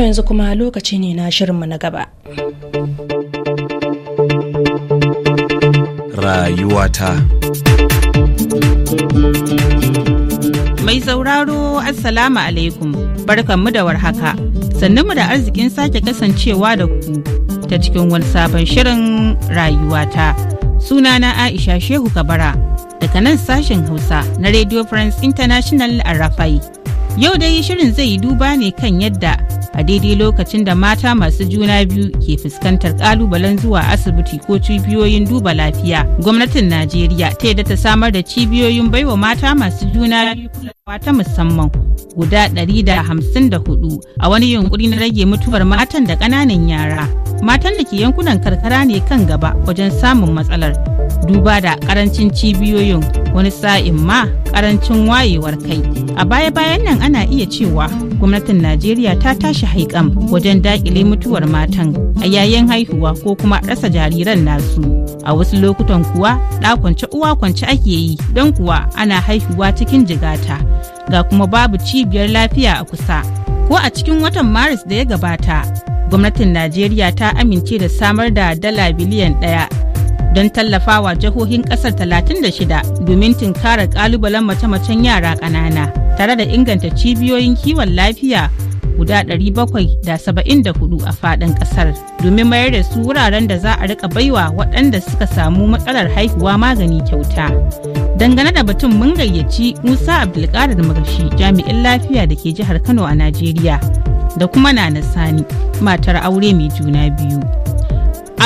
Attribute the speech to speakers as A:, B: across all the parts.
A: To yanzu kuma lokaci ne na shirinmu na gaba. Rayuwata
B: Mai sauraro Assalamu alaikum mu da warhaka sannunmu da arzikin sake kasancewa da ku ta cikin wani sabon shirin rayuwata sunana Aisha Shehu Kabara daga nan sashen Hausa na Radio France International a Rafai. Yau dai shirin zai yi duba ne kan yadda a daidai lokacin da mata masu juna biyu ke fuskantar kalubalen zuwa asibiti ko cibiyoyin duba lafiya. Gwamnatin Najeriya ta yadda ta samar da cibiyoyin baiwa mata masu juna biyu ta musamman guda 154 a wani yunkuri na rage mutuwar matan da ƙananan yara. Matan da ke yankunan karkara ne kan gaba wajen samun matsalar duba da ƙarancin cibiyoyin wani sa'in ma ƙarancin wayewar kai. A baya-bayan nan ana iya cewa gwamnatin Najeriya ta tashi haikam wajen daƙile mutuwar matan a yayin haihuwa ko kuma rasa jariran nasu. A wasu lokutan kuwa ɗa kwance uwa kwance ake yi don kuwa ana haihuwa cikin jigata. ga kuma babu cibiyar lafiya a kusa ko a cikin watan maris da ya gabata gwamnatin najeriya ta amince da samar da dala biliyan ɗaya don tallafawa jihohin ƙasar talatin da shida domin tinkara ƙalubalen mace-macen yara ƙanana tare da inganta cibiyoyin kiwon lafiya guda da 774 a faɗin ƙasar domin mayar da su wuraren da za a riƙa baiwa waɗanda suka samu matsalar haihuwa magani kyauta. dangane da batun mun gayyaci musa abdulkadir magashi jami'in lafiya da ke jihar kano a najeriya da kuma nana sani matar aure mai juna biyu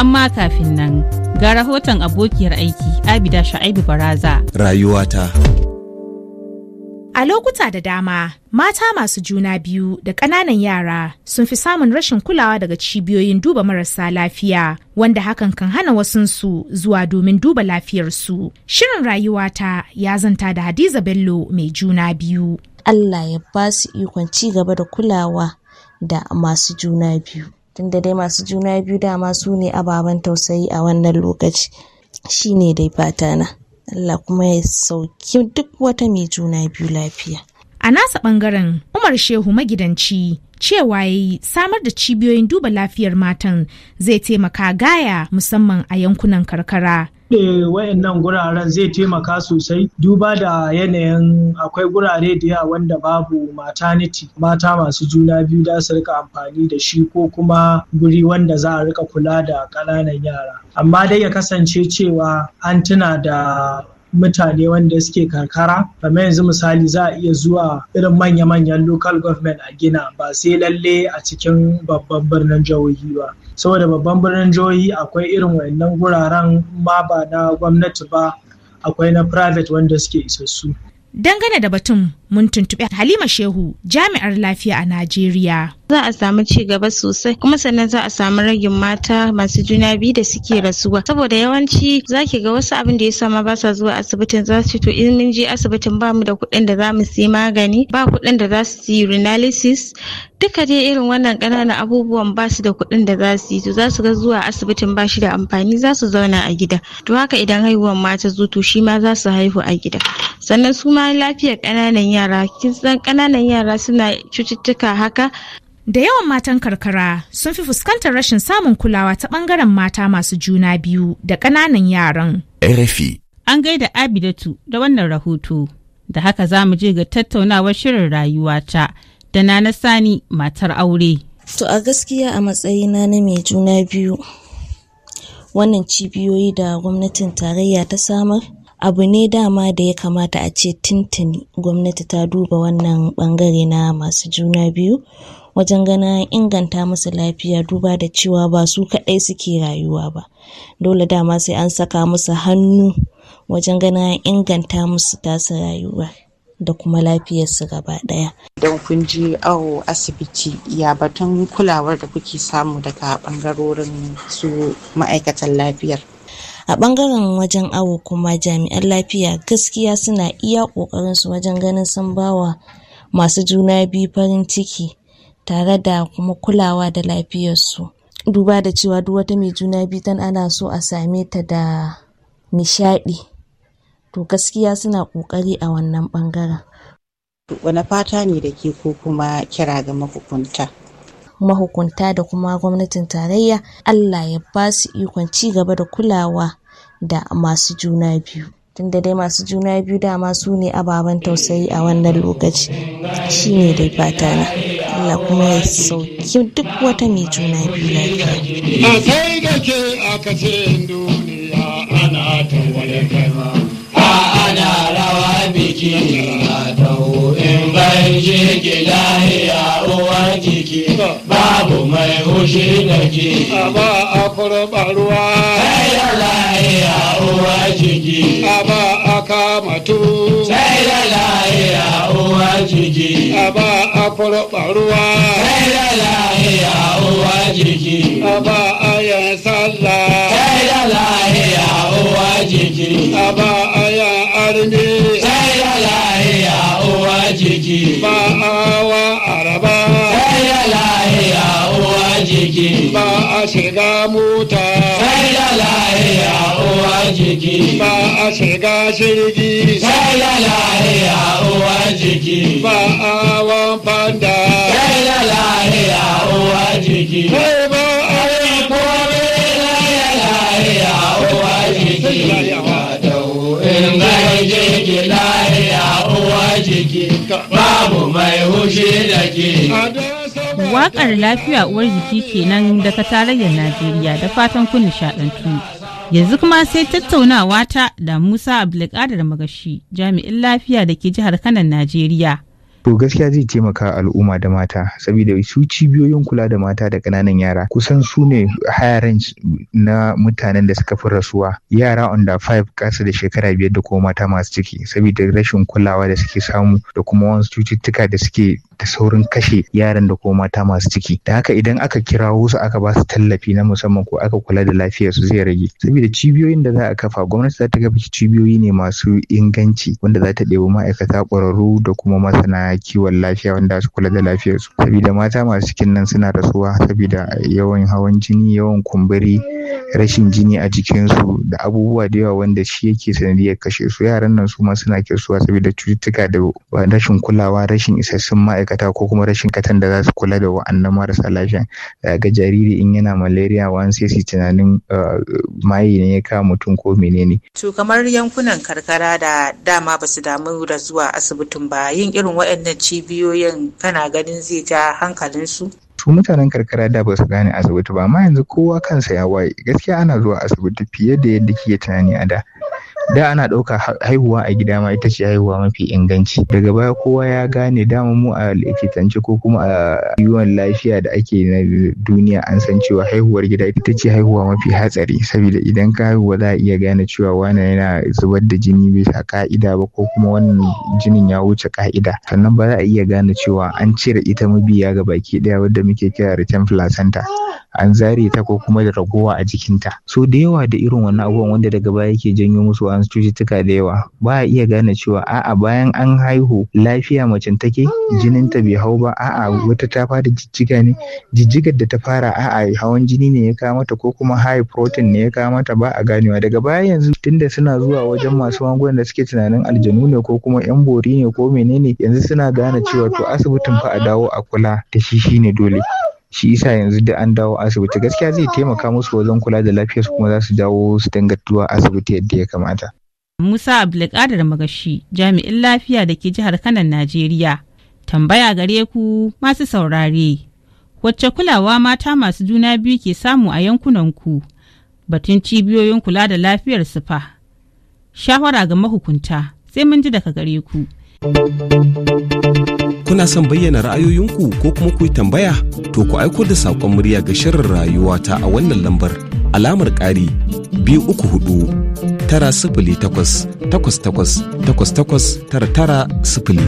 B: amma kafin nan ga rahoton abokiyar aiki abida sha'ibu baraza
C: rayuwata
B: A lokuta da dama, mata masu juna
A: biyu da ƙananan yara sun fi samun rashin kulawa daga cibiyoyin duba marasa lafiya, wanda hakan kan hana wasunsu zuwa domin duba lafiyarsu. Shirin rayuwata ya zanta da Hadiza Bello mai juna biyu. Allah ya ba su ikon ci gaba da kulawa da masu juna biyu. Tunda dai masu juna biyu dama su ne ababen tausayi a wannan lokaci. Shi ne dai fata na. Allah kuma ya sauki duk wata mai juna biyu lafiya. A nasa ɓangaren Umar Shehu magidanci cewa ya yi samar da cibiyoyin duba lafiyar matan zai taimaka gaya musamman a yankunan karkara
B: buɗe wayannan guraren zai taimaka sosai duba da yanayin akwai gurare da yawa wanda babu maternity mata masu juna biyu da su rika amfani da shi ko kuma guri wanda za a rika kula da ƙananan yara amma dai ya kasance cewa an tuna da mutane wanda suke karkara kamar yanzu misali za a iya zuwa irin manya-manyan local government a gina ba sai lalle a cikin babban birnin jihohi ba saboda babban birnin jihohi akwai irin wayannan guraren ma ba na gwamnati ba akwai na private
C: wanda suke isassu.
A: Dangane da batun mun tuntuɓi Halima Shehu jami'ar lafiya
B: a Najeriya. Za a samu ci gaba sosai kuma sannan za a samu ragin mata masu juna biyu da suke rasuwa saboda yawanci za ga wasu abin da ya sama ba sa zuwa asibitin za su to in mun je asibitin ba mu da kuɗin da za mu siyi magani ba kuɗin da za su yi urinalysis duka dai irin wannan ƙananan abubuwan ba su da kuɗin da za su yi to za su ga zuwa asibitin ba shi da amfani za su zauna a gida to haka idan haihuwar mata ta zo to shi ma za su haihu a gida sannan su ma lafiyar ƙananan yara kin san ƙananan yara suna cututtuka
A: haka Da yawan matan karkara sun fi fuskantar rashin samun kulawa ta ɓangaren
B: mata masu juna biyu da ƙananan yaran. RFI. An gaida Abidatu da wannan rahoto. Da haka za mu je ga tattaunawar shirin rayuwa ta. da Nana Sani matar aure.
A: To a gaskiya a matsayina na mai juna biyu wannan cibiyoyi da gwamnatin tarayya ta samar abu ne dama da ya kamata a ce tintini gwamnati ta duba wannan bangare na masu juna biyu wajen gana inganta musu lafiya duba da cewa ba su kaɗai suke rayuwa ba dole dama sai an saka musu hannu wajen gana inganta musu tasa rayuwa da kuma lafiyarsu gaba ɗaya.
B: Don kun je awo asibiti ya batun kulawar da kuke samu daga bangarorin su
A: ma'aikatan lafiyar. a bangaren wajen awo kuma jami'an lafiya gaskiya suna iya su wajen ganin sun bawa masu juna biyu farin ciki tare da kuma kulawa da lafiyarsu duba da cewa duk wata mai juna biyu tan ana so a same ta da nishaɗi to gaskiya suna ƙoƙari a wannan bangaren
B: Wane fata ne da ke ko kuma kira ga mahukunta?
A: Mahukunta da kuma gwamnatin tarayya Allah ya ba su ikon ci gaba da kulawa da masu juna biyu. Tunda dai masu juna biyu dama su ne ababen tausayi a wannan lokaci shi ne dai fata na. Allah kuma ya sauki duk wata mai juna biyu
C: lafiya. sai gake a duniya ana ta jiki matau in ban jiki lahiya uwar jiki babu mai hushi da ke ba a kurba ruwa sai da lahiya uwar oh, jiki ba a kama tu sai da lahiya uwar oh, jiki ba a kurba ruwa sai da lahiya uwar oh, jiki ba a yin sallah sai da lahiya uwar jiki ba a yin armi jiki ba awa araba sai da lahiya uwa jiki ba a shiga mota sai da lahiya uwa ba a shiga shirgi sai da lahiya ba a wan fanda sai da lahiya uwa Wakar
B: Waƙar lafiya uwar jiki kenan daga tarayyar Najeriya da fatan kun nishaɗantu. Yanzu kuma sai tattaunawa ta da Musa Abdulkadir Magashi jami'in lafiya da ke jihar Kanan Najeriya.
C: to gaskiya zai taimaka al'umma da mata saboda su cibiyoyin kula da mata da ƙananan yara kusan su ne na mutanen da suka fi rasuwa yara under five kasa da shekara biyar da kuma mata masu ciki saboda rashin kulawa da suke samu da kuma wasu cututtuka da suke Da saurin kashe yaran da kuma mata masu ciki da haka idan aka kirawo su aka ba su tallafi na musamman ko aka kula da lafiyar su zai rage saboda cibiyoyin da za a kafa gwamnati za ta gaba cibiyoyi ne masu inganci wanda za ta ɗebi ma'aikata ƙwararru da kuma masana kiwon lafiya wanda su kula da lafiyar su. saboda mata masu cikin nan suna rasuwa saboda yawan hawan jini yawan kumburi rashin jini a jikinsu da abubuwa da yawa wanda shi yake sanadiyar kashe su yaran nan su ma suna kirsuwa saboda cututtuka da rashin kulawa rashin isassun ma'aikata ko kuma rashin katan da za su kula da wa'annan marasa lafiya ga jariri in yana malaria wani sai su tunanin uh, maye ne ya kawo mutum ko menene.
B: to kamar yankunan karkara da dama ba su damu da zuwa asibitin ba yin irin waɗannan cibiyoyin kana ganin zai hankalin su.
C: su mutanen karkara da ba su gane asibiti ba amma yanzu kowa kansa ya waye gaskiya ana zuwa asibiti fiye da yadda kike tunani a da da ana ɗauka haihuwa a gida ma ita ce haihuwa mafi inganci daga baya kowa ya gane dama mu a likitance ko kuma a yiwuwan lafiya da ake na duniya an san cewa haihuwar gida ita ce haihuwa mafi hatsari saboda idan ka haihuwa za a iya gane cewa wana yana zubar da jini bisa ka'ida ba ko kuma wannan jinin ya wuce ka'ida sannan ba za a iya gane cewa an cire ita mabiya ga baki ɗaya wadda muke kira return placenta an zare ta ko kuma da ragowa a jikinta so da yawa da irin wannan abubuwan wanda daga baya yake janyo musu wasu cututtuka da yawa ba a iya gane cewa a'a bayan an haihu lafiya macen take jinin ta bai hau ba a'a wata ta fara jijjiga ne jijjigar da ta fara a'a hawan jini ne ya kawo mata ko kuma high protein ne ya kawo mata ba a ganewa daga baya yanzu tunda suna zuwa wajen masu magungunan da suke tunanin aljanu ne ko kuma yan bori ne ko menene yanzu suna gane cewa to asibitin fa a dawo a kula da shi shine dole shi yasa yanzu duk an dawo asibiti gaskiya zai taimaka musu wajen kula da lafiyarsu kuma za su dawo su dinga zuwa asibiti yadda ya kamata
B: Musa Abdulkadir Magashi jami'in lafiya da ke jihar Kano Najeriya tambaya gare ku masu saurare wacce kulawa mata masu juna biyu ke samu a yankunan ku batun cibiyoyin kula da lafiyar su fa shawara ga mahukunta sai mun ji daga gare ku
C: Kuna son bayyana ra'ayoyinku ko kuma ku yi tambaya? To ku aiko da saƙon murya ga shirin rayuwa ta a wannan lambar alamar ƙari biyu uku hudu tara sifili takwas takwas takwas takwas takwas tara tara sifili.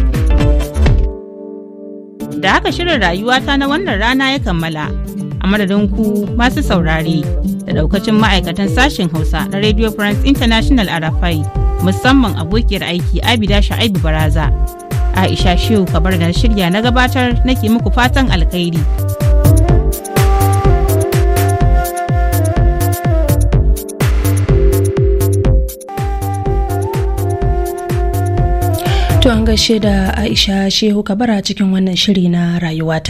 B: Da haka shirin rayuwata na wannan rana ya kammala. A madadin ku masu saurare da daukacin ma'aikatan sashen Hausa na Radio France International rafai musamman abokiyar aiki Abida Sha'ibu Baraza. Aisha Shehu kabar da shirya na gabatar nake muku fatan alkhairi. To an gaishe da Aisha Shehu Kabara cikin wannan shiri na rayuwata.